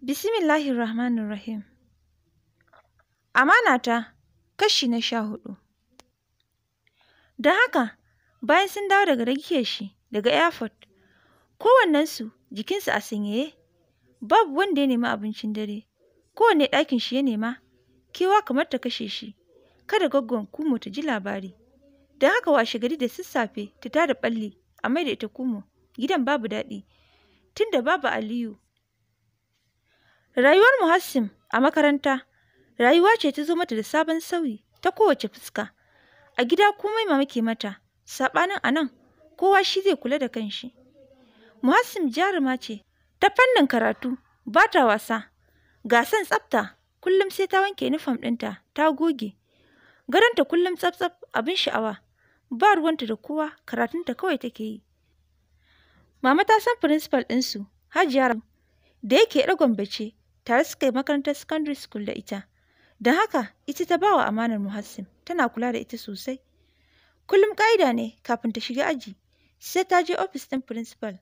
Bismillahir Rahmanir Rahim. Amana ta kashi na sha hudu. Da haka, bayan sun dawo daga rakiyar shi daga airport, kowannensu jikinsu a sanyaye, babu wanda ya nemi abincin dare, kowanne ɗakin shi ya nema, kewa kamar ta kashe shi, kada gwaggon kumo ta ji labari. Don haka washe gari da sassafe ta tada balli a mai da ita kumo, gidan babu daɗi, tunda babu Aliyu Rayuwar Muhassim a makaranta rayuwa ce ta zo mata da sabon sauyi ta kowace fuska. A gida komai ma muke mata, saɓanin a nan kowa shi zai kula da kanshi. Muhassim jaruma ce ta fannin karatu ba ta wasa, gasan tsafta kullum sai ta wanke nufam ɗinta ta goge. Gadonta kullum tsaf-tsaf abin sha'awa, ba ruwanta da kowa karatunta kawai take yi. Mama ta san firinsifal ɗinsu, Hajiya da yake ɗagon bace tare suka yi makarantar secondary school da ita don haka ita ta bawa amanar muhassim tana kula da ita sosai kullum ƙa'ida ne kafin ta shiga aji sai ta je ofis ɗin principal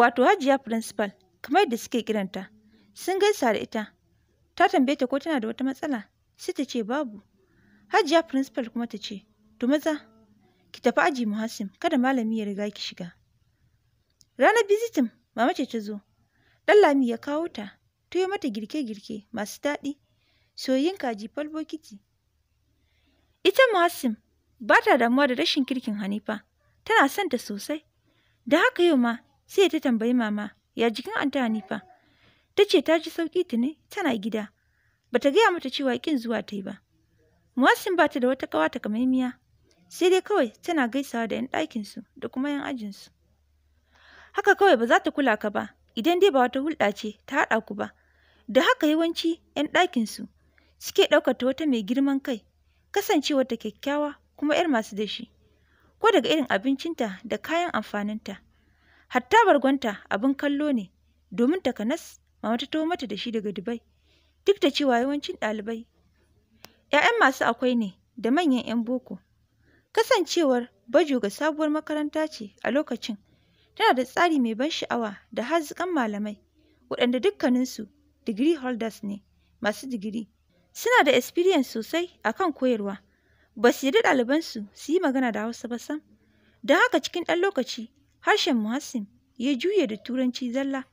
wato hajiya principal kamar yadda suke kiranta sun gaisa da ita ta tambaye ta ko tana da wata matsala sai ta ce babu hajiya principal kuma ta ce to maza ki tafi aji muhassim kada malami ya riga ki shiga ranar bizitin mama ce ta zo ɗan lami ya kawo ta ta yi mata girke-girke masu daɗi, soyayyen kaji fal bokiti. Ita Masim ba ta damuwa da rashin kirkin Hanifa, tana son ta sosai. Da haka yau ma sai ta tambayi mama, ya jikin anta Hanifa? Ta ce ta ji sauƙi ne tana gida, ba ta gaya mata cewa ƙin zuwa ta yi ba. Masim ba ta da wata ƙawa kamaimiya sai dai kawai tana gaisawa da 'yan ɗakinsu da kuma 'yan ajinsu. Haka kawai ba za ta kula ka ba, idan dai ba wata hulɗa ce ta haɗa ku ba, da haka yawanci 'yan ɗakinsu suke ɗaukata wata mai girman kai ta kyakkyawa kuma 'yar masu dashi ko daga irin abincinta da kayan amfaninta hatta bargonta abin kallo ne domin takanas mama ta taho mata da shi daga dubai duk da cewa yawancin ɗalibai 'ya'yan masu akwai ne da manyan 'yan boko kasancewar bajo ga sabuwar makaranta ce a lokacin tana da tsari mai ban sha'awa da haziƙan malamai waɗanda dukkaninsu digiri holders ne masu digiri suna da experience sosai a kan koyarwa ba su yarda ɗalibansu su yi magana da hausa ba sam don haka cikin ɗan lokaci harshen muhassin ya juye da turanci zalla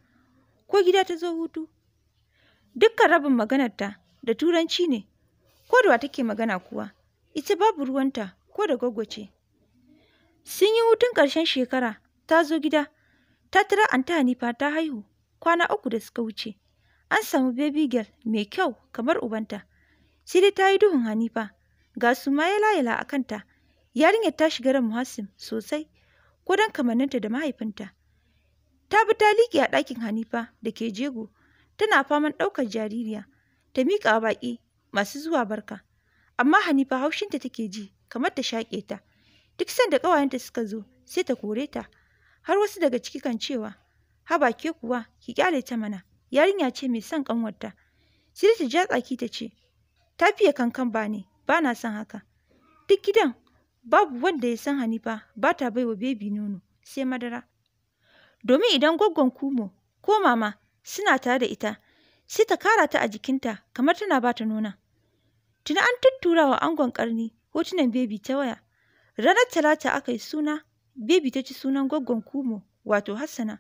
ko gida ta zo hutu dukkan rabin maganarta da turanci ne ko da take magana kuwa ita babu ruwanta ko da gwagwace sun yi hutun ƙarshen shekara ta zo gida ta tara ta hanifa ta haihu kwana uku da suka wuce an samu baby girl mai kyau kamar ubanta. Sai dai ta yi duhun Hanifa, ga su ma yala-yala a kanta, yarinyar ta shiga ran Muhassim sosai, ko don kamanninta da mahaifinta. Ta bi ta liƙe a ɗakin Hanifa da ke jego, tana faman ɗaukar jaririya, ta miƙa baƙi masu zuwa barka. Amma Hanifa haushinta take ji, kamar ta shaƙe ta. Duk sanda ƙawayenta suka zo, sai ta kore ta. Har wasu daga ciki kan cewa, haba ke kuwa, ki ƙyale ta mana. yarinya ce mai son ƙanwarta. Sai ta ja tsaki ta ce, ta fiye kankan ba ne, ba na son haka. Duk gidan babu wanda ya san Hanifa ba ta baiwa bebi nono sai madara. Domin idan gwaggon kumo ko mama suna tare da ita, sai ta kara ta a jikinta kamar tana ba ta nuna. Tuna an tuttura wa angon ƙarni hotunan bebi ta waya. Ranar talata aka yi suna, bebi ta ci sunan gwaggon kumo wato Hassana.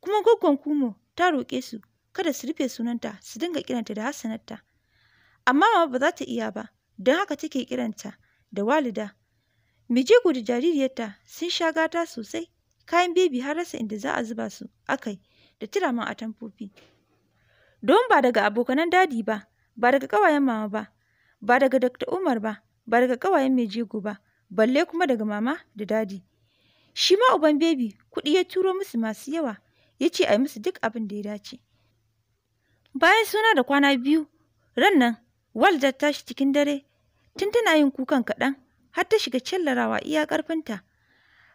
Kuma gwaggon kumo ta roƙe su kada su rufe sunanta su dinga kiranta da Hassanarta. Amma mama ba za ta iya ba, don haka take kiranta da walida. Mijigu da jaririyarta sun sha gata sosai, kayan bebi har rasa inda za a zuba su akai da a atamfofi. Don ba daga abokanan dadi ba, ba daga ƙawayen mama ba, ba daga Dr. Umar ba, ba daga ƙawayen jego ba, balle kuma daga mama da dadi. Shi ma uban bebi kuɗi ya turo musu masu yawa ya ce a yi musu duk abin da ya dace. Bayan suna da kwana biyu, ran nan Walda ta tashi cikin dare, tun tana yin kukan kaɗan har ta shiga cellarawa iya ƙarfinta.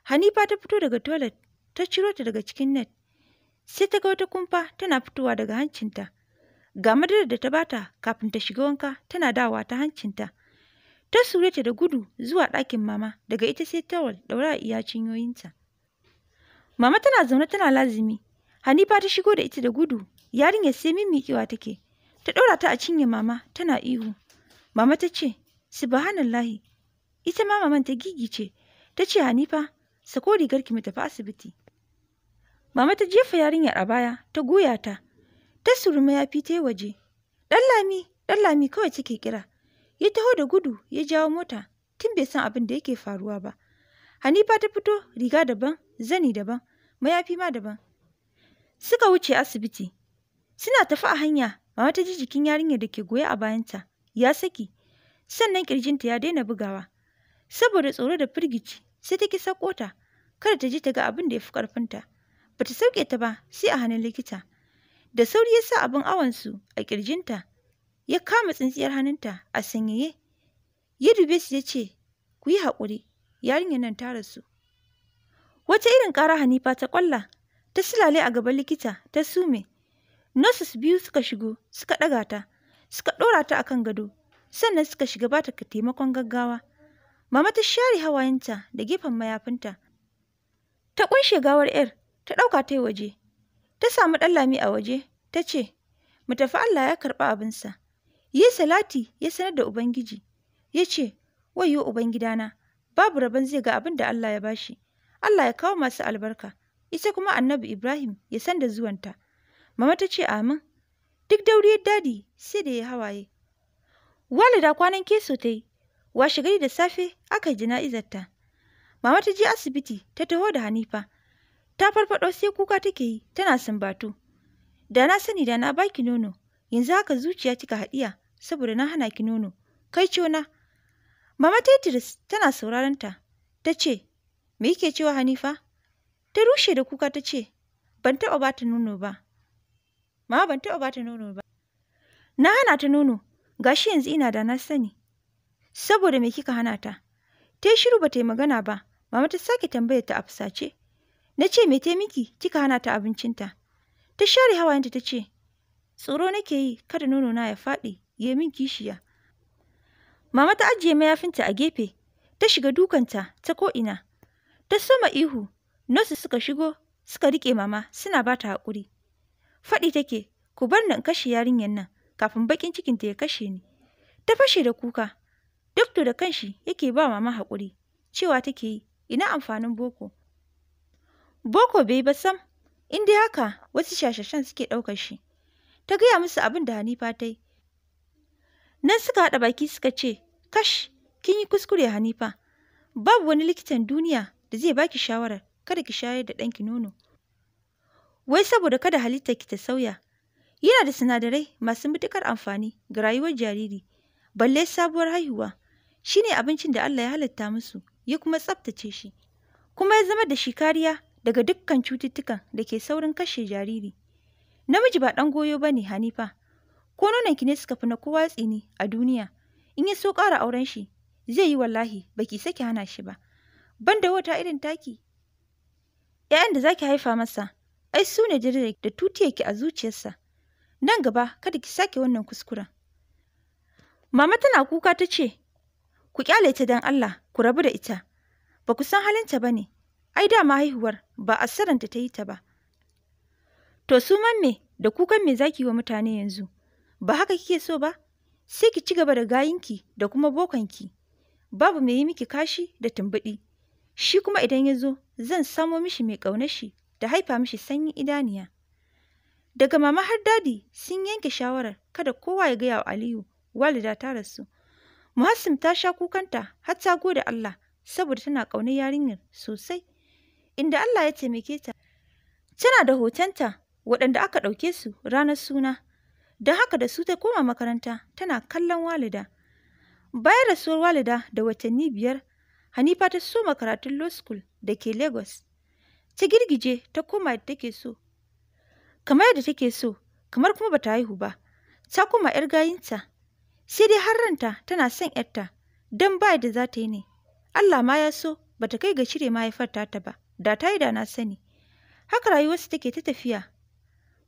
Hanifa ta fito daga toilet, ta ciro ta daga cikin net, sai ta ga wata kumfa tana fitowa daga hancinta. Ga madara da ta bata kafin ta shiga wanka tana dawa ta hancinta. Ta sure ta da gudu zuwa ɗakin mama daga ita sai tawal ɗaura iya cinyoyinta. Mama tana zaune tana lazimi Hanifa ta shigo da ita da gudu, yarinyar sai mimmiƙewa take. Ta ɗora ta a cinye mama tana ihu. Mama ta ce, Subhanallahi, ita ma maman ta gigice, ta ce Hanifa, sako rigarki mu tafi asibiti. Mama ta jefa yarinyar a baya, ta goya ta, ta surma ya yi waje. Ɗan lami, ɗan lami kawai take kira. Ya taho da gudu, ya jawo mota, tun bai san abin da yake faruwa ba. Hanifa ta fito riga daban, zani daban, mayafi ma daban. Suka wuce asibiti. Suna tafi a hanya, mama ta ji jikin yarinyar da ke goye a bayanta ya saki. Sannan kirjinta ya daina bugawa. Saboda tsoro da firgici, sai ta ki sakota Kada ta ji ta ga abin da ya fi ƙarfinta. Ba ta sauke ta ba, sai a hannun likita. Da sauri ya sa abin awansu a kirjinta. Ya kama tsintsiyar hannunta a sanyaye. Ya dube su ya ce, Ku yi haƙuri, yarinyar nan ta rasu. Wata irin ƙara Hanifa ta ƙwalla ta silale a gaban likita ta sume nurses biyu suka shigo suka ɗaga ta suka ɗora ta akan gado sannan suka shiga ba ta taimakon gaggawa mama ta share hawayenta da gefen mayafinta ta kunshe gawar yar ta ɗauka ta yi waje ta samu ɗallami a waje ta ce mu tafi Allah ya karɓi abinsa yi salati ya sanar da ubangiji ya ce wayo ubangidana babu rabon zai ga abin da Allah ya bashi Allah ya kawo masu albarka ita kuma annabi Ibrahim ya san da zuwanta. Mama ta ce amin. Duk dauriyar dadi sai da ya hawaye. Walida kwanan keso ta yi, washe gari da safe aka yi jana'izarta. Mama ta je asibiti ta taho da Hanifa. Ta farfado sai kuka take yi tana sambatu. Da na sani da na baki nono, yanzu haka zuciya kika haɗiya saboda na hana ki nono. Kai cona. Mama Tetris tana sauraron ta. Ta ce, "Me yake cewa Hanifa?" ta rushe da kuka ta ce ban taɓa ba ta nono ba ma ban taɓa ba ta nono ba na hana ta nono Ga shi yanzu ina da na sani saboda me kika hana ta ta yi shiru ba ta yi magana ba mama ta sake tambayar ta a fusace na ce me ta miki kika hana ta abincinta ta share hawayenta ta ce tsoro nake yi kada nono na ya faɗi ya min kishiya mama ta ajiye mayafinta a gefe ta shiga dukanta ta ko'ina ta soma ihu Nosu suka shigo, suka riƙe mama, suna ba ta haƙuri. Faɗi take, ku bar nan kashe yarinyar nan, kafin baƙin cikinta ya kashe ni. Ta fashe da kuka, duk da kanshi yake ba mama haƙuri, cewa take yi, ina amfanin boko. Boko bai ba sam, Inda haka wasu shashashan suke ɗaukar shi. Ta gaya musu abin da Hanifa ta yi. Nan suka haɗa baki suka ce, Kash, kin yi kuskure Hanifa, babu wani likitan duniya da zai baki shawarar kada ki shayar da ɗanki nono wai saboda kada halitta ki ta sauya yana da sinadarai masu matuƙar amfani ga rayuwar jariri balle sabuwar haihuwa shine abincin da Allah ya halatta musu ya kuma tsaftace shi kuma ya zama da shi kariya daga dukkan cututtukan da ke saurin kashe jariri namiji ba ɗan goyo ba ne, Hanifa ko nonon ki ne suka fi na kowa tsini a duniya in ya so ƙara auren shi zai yi wallahi baki sake hana shi ba banda wata irin taki ‘Ya'yan da za ki haifa masa ai su ne jaridar da tutiyarki a zuciyarsa. Nan gaba kada ki sake wannan kuskuren. Mama tana kuka ta ce, Ku kyale ta don Allah, ku rabu da ita. Ba ku san halinta ba ne, ai dama haihuwar ba a saranta ta yi ta ba. To su me da kukan me zaki wa mutane yanzu, ba haka kike so ba? Sai ki ci gaba da gayinki da kuma bokanki. Babu mai yi miki kashi da tumbuɗi. Shi kuma idan ya zo, zan samo mishi mai ƙaunashi da haifa mishi sanyin idaniya. Daga mama har dadi sun yanke shawarar kada kowa ya gaya wa Aliyu walida ta rasu. Muhassim ta sha kukanta har ta gode Allah saboda tana ƙaunar yarinyar sosai. Inda Allah ya taimake ta. Tana da hotonta waɗanda aka ɗauke su ranar suna. Don haka da su ta koma makaranta tana kallon walida. Bayan rasuwar walida da watanni biyar Hanifa ta soma karatun law school da ke Lagos. Ta girgije ta koma da take so. Kamar yadda take so, kamar kuma bata haihu ba. Ta koma 'yar gayinta. Sai dai har ranta tana son 'yarta, don ba da za ta yi ne. Allah ma ya so bata kai ga cire mahaifar ta ba, da ta yi da na sani. Haka rayuwarsu take ta tafiya.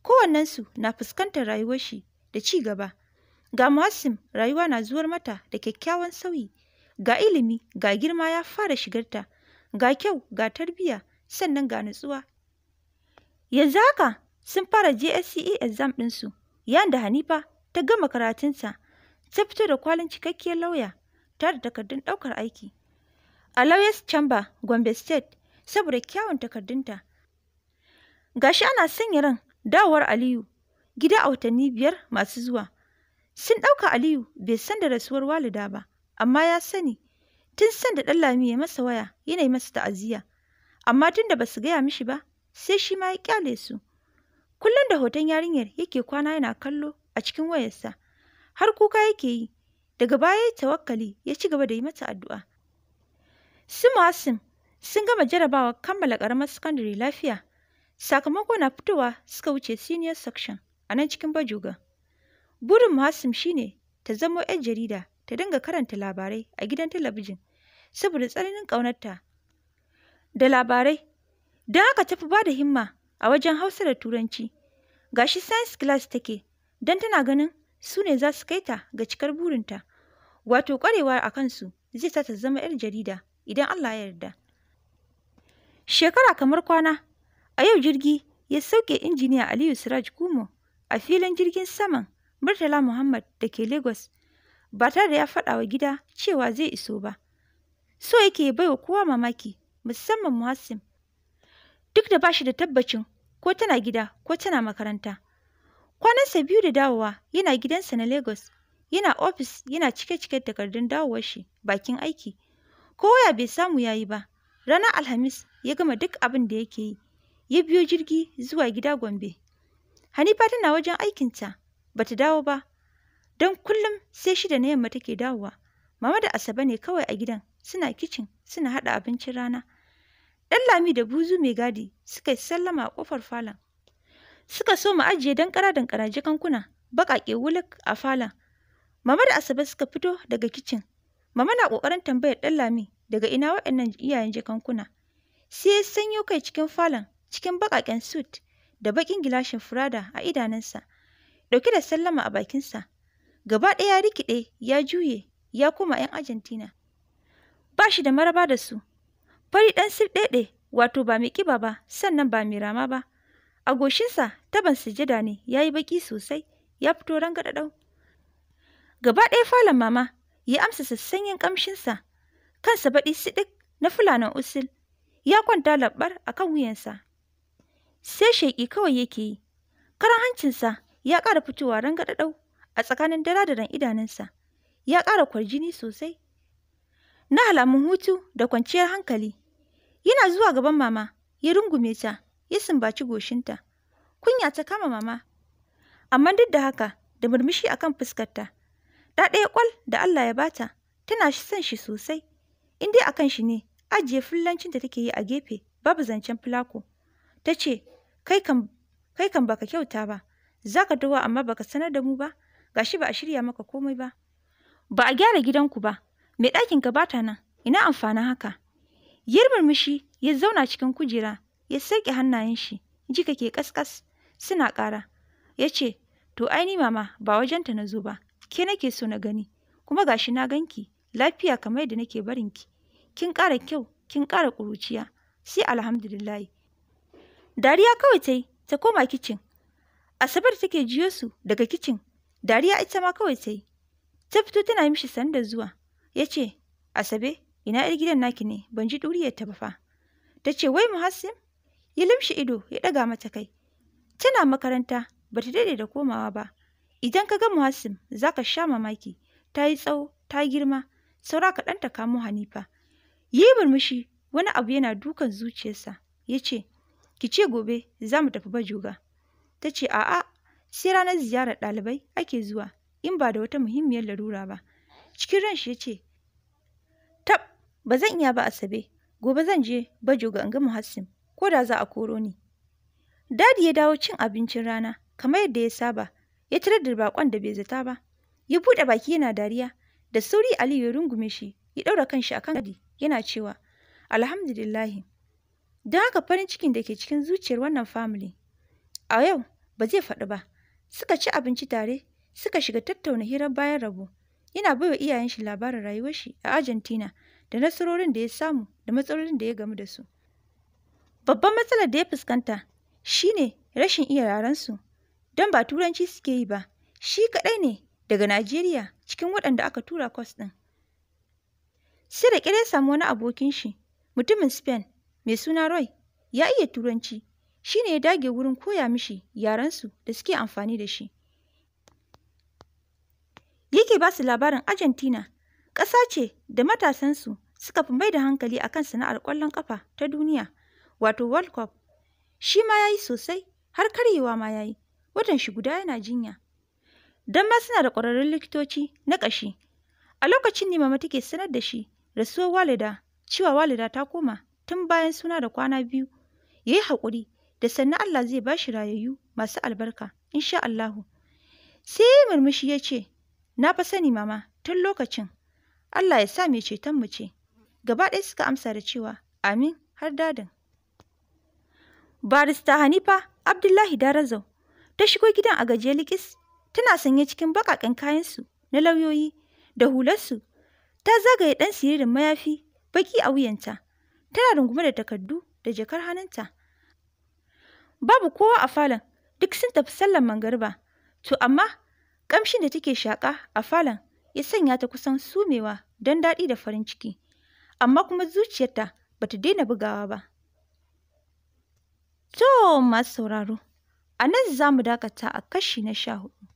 Kowannensu na fuskantar rayuwar shi da ci gaba. Ga Masim rayuwa na zuwar mata da kyakkyawan sauyi ga ilimi ga girma ya fara shigarta ga kyau ga tarbiyya sannan ga nutsuwa yanzu haka sun fara JSCE exam ɗinsu yayin da Hanifa ta gama karatunsa ta fito da kwalin cikakkiyar lauya tare da takardun ɗaukar aiki a Lawyers Chamber Gombe State saboda kyawun takardunta gashi ana sanya ran dawowar Aliyu gida a watanni biyar masu zuwa sun ɗauka Aliyu bai san da rasuwar walida ba amma ya sani tun sanda Ɗanlami ya masa waya yana masa ta'aziyya amma tun da basu gaya mishi ba sai shi ma ya kyale su kullum da hoton yarinyar yake kwana yana kallo a cikin wayarsa har kuka yake yi daga baya ya tawakkali ya ci gaba da yi mata addu'a su masin sun gama jarabawa kammala ƙaramar sakandare lafiya sakamako na fitowa suka wuce senior section a nan cikin bajuga burin masim shine ta zamo 'yan jarida ta dinga karanta labarai a gidan talabijin saboda tsananin ƙaunarta da labarai don haka tafi ba da himma a wajen hausa da turanci Ga gashi science class take don tana ganin su ne za su kai ta ga cikar burinta wato ƙwarewa a kansu zai sa ta zama 'yar jarida idan allah ya yarda shekara kamar kwana a yau jirgi ya sauke injiniya aliyu siraj kumo a filin jirgin saman murtala muhammad da ke lagos ba tare da ya faɗa wa gida cewa zai iso ba. So yake bai wa kowa mamaki, musamman Muhassim. Duk da bashi da tabbacin ko tana gida ko tana makaranta. Kwanansa biyu da dawowa yana gidansa na Lagos, yana ofis yana cike-cike takardun dawowar shi bakin aiki. Ko waya bai samu ya yi ba, ranar Alhamis ya gama duk abin da yake yi, ya biyo jirgi zuwa gida Gombe. Hanifa tana wajen aikinta, bata dawo ba, don kullum sai shida na yamma take dawowa. Mama da Asabe ne kawai a gidan, suna kicin, suna haɗa abincin rana. dan Lami da Buzu mai gadi suka yi sallama a ƙofar falon. Suka so mu ajiye dankara dankara baka baƙaƙe wuluk a falon. Mama da Asabe suka fito daga kicin. Mama na ƙoƙarin tambayar dan Lami daga ina waɗannan iyayen jikankuna. Sai ya sanyo kai cikin falon, cikin baƙaƙen suit da baƙin gilashin furada a idanunsa, ɗauke da sallama a bakinsa. gaba ɗaya ya rikide ya juye ya koma 'yan Argentina. Ba shi da maraba da su, fari ɗan sirɗeɗe wato ba mai ƙiba ba sannan ba mai rama ba. A goshinsa taban sujada ne ya yi baƙi sosai ya fito rangaɗaɗau. Gaba ɗaya falon mama ya amsa sassanyen ƙamshinsa, kansa baɗi siɗik na fulanan usul, ya kwanta labbar a kan wuyansa. Sai sheƙi kawai yake yi, karan hancinsa ya ƙara fitowa rangaɗaɗau a tsakanin daradaran idanunsa ya ƙara kwarjini sosai na alamun hutu da kwanciyar hankali yana zuwa gaban mama ya rungume ta ya sumbaci goshinta kunya ta kama mama amma duk da haka da murmushi akan fuskarta ta ɗaya ƙwal da Allah ya bata tana son shi sosai in dai akan shi ne ajiye ta take yi a gefe babu zancen fulako ta ce kai kan baka kyauta ba za ka dawo amma baka sanar da mu ba gashi ba a shirya maka komai ba ba a gyara gidanku ba mai ɗakin ka bata nan ina amfanin haka yar murmushi ya zauna cikin kujera ya sarƙe hannayen shi jika ke kaskas suna ƙara ya ce to aini mama ba wajenta na zo ba ke nake so na gani kuma gashi na ganki lafiya kamar yadda nake barinki kin ƙara kyau kin ƙara ƙuruciya sai alhamdulillahi dariya kawai ta yi ta koma kicin asabar take jiyo su daga kicin Dariya ita ma kawai sai. yi. Ta fito tana mishi sanda zuwa. Ya ce, Asabe, ina ‘yar gidan naki ne, ban ji ta ba fa. Ta ce, wai Muhassim? Ya limshi ido, ya ɗaga mata kai. Tana makaranta, ba ta daɗe da komawa ba. Idan ka ga Muhassim, za ka sha mamaki. Ta yi tsawo, ta girma, saura ɗan ta kamo Hanifa. Yi murmushi, wani abu yana dukan zuciyarsa. Ya ce, ki ce gobe za mu tafi bajuga Ta ce, a'a, sai ranar ziyarar ɗalibai ake zuwa in ba da wata muhimmiyar larura ba cikin ranshi ya ce tab ba zan iya ba asabe gobe zan je bajo ga gama hassim ko da za a koro ni dadi ya dawo cin abincin rana kamar yadda ya saba ya tarar da bakon da bai zata ba ya buɗe baki yana dariya da sauri aliyu ya rungume shi ya ɗaura kanshi akan gadi yana cewa alhamdulillahi don haka farin cikin da ke cikin zuciyar wannan family a yau ba zai faɗi ba Suka ci abinci tare, suka shiga tattauna hirar bayan rabo. Yana baiwa iyayen shi labarin rayuwar shi a Argentina da nasarorin da ya samu da matsalolin da ya gamu da su. Babban matsalar da ya fuskanta shine rashin iya yaran su don ba turanci suke yi ba. Shi kadai ne daga Najeriya cikin waɗanda aka tura kwas ɗin. Sai da ƙyar ya samu wani abokin shi, mutumin Spain mai suna Roy, ya iya Turanci shi ne ya dage wurin koya mishi yarensu da suke amfani da shi. Yake ba su labarin Argentina, ƙasa ce da matasansu suka fi mai da hankali a kan sana'ar ƙwallon ƙafa ta duniya, wato World Cup. Shi ma ya yi sosai, har karyewa ma ya yi, watan shi guda yana jinya. Don ma suna da ƙwararrun likitoci na ƙashi. A lokacin ne mama take sanar da shi rasuwar walida, cewa walida ta koma tun bayan suna da kwana biyu. Ya yi haƙuri, da sannan Allah zai ba shi rayayyu masu albarka insha Allahu. Sai murmushi ya ce, Na fa sani mama tun lokacin, Allah ya sa mai ceton mu ce. Gaba ɗaya suka amsa da cewa, Amin har dadin. Barista Hanifa Abdullahi Darazau ta shigo gidan a gajiyar likis tana sanye cikin baƙaƙen kayansu na lauyoyi da hularsu ta zagaye ɗan siririn mayafi baki a wuyanta tana rungume da takardu da jakar hannunta Babu kowa a falon, duk sun tafi sallar mangariba. To amma kamshin da take shaƙa a falon ya sanya ta kusan sumewa don daɗi da farin ciki. Amma kuma zuciyarta ba ta daina bugawa ba. To masu sauraro, a nan za mu dakata a kashi na sha hudu.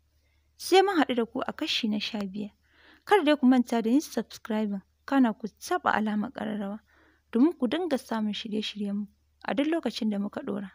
Sai mun haɗu da ku a kashi na sha biyar. Kar dai ku manta da yin subscribing kana ku taɓa alamar ƙararrawa domin ku dinga samun shirye-shiryenmu a duk lokacin da muka ɗora.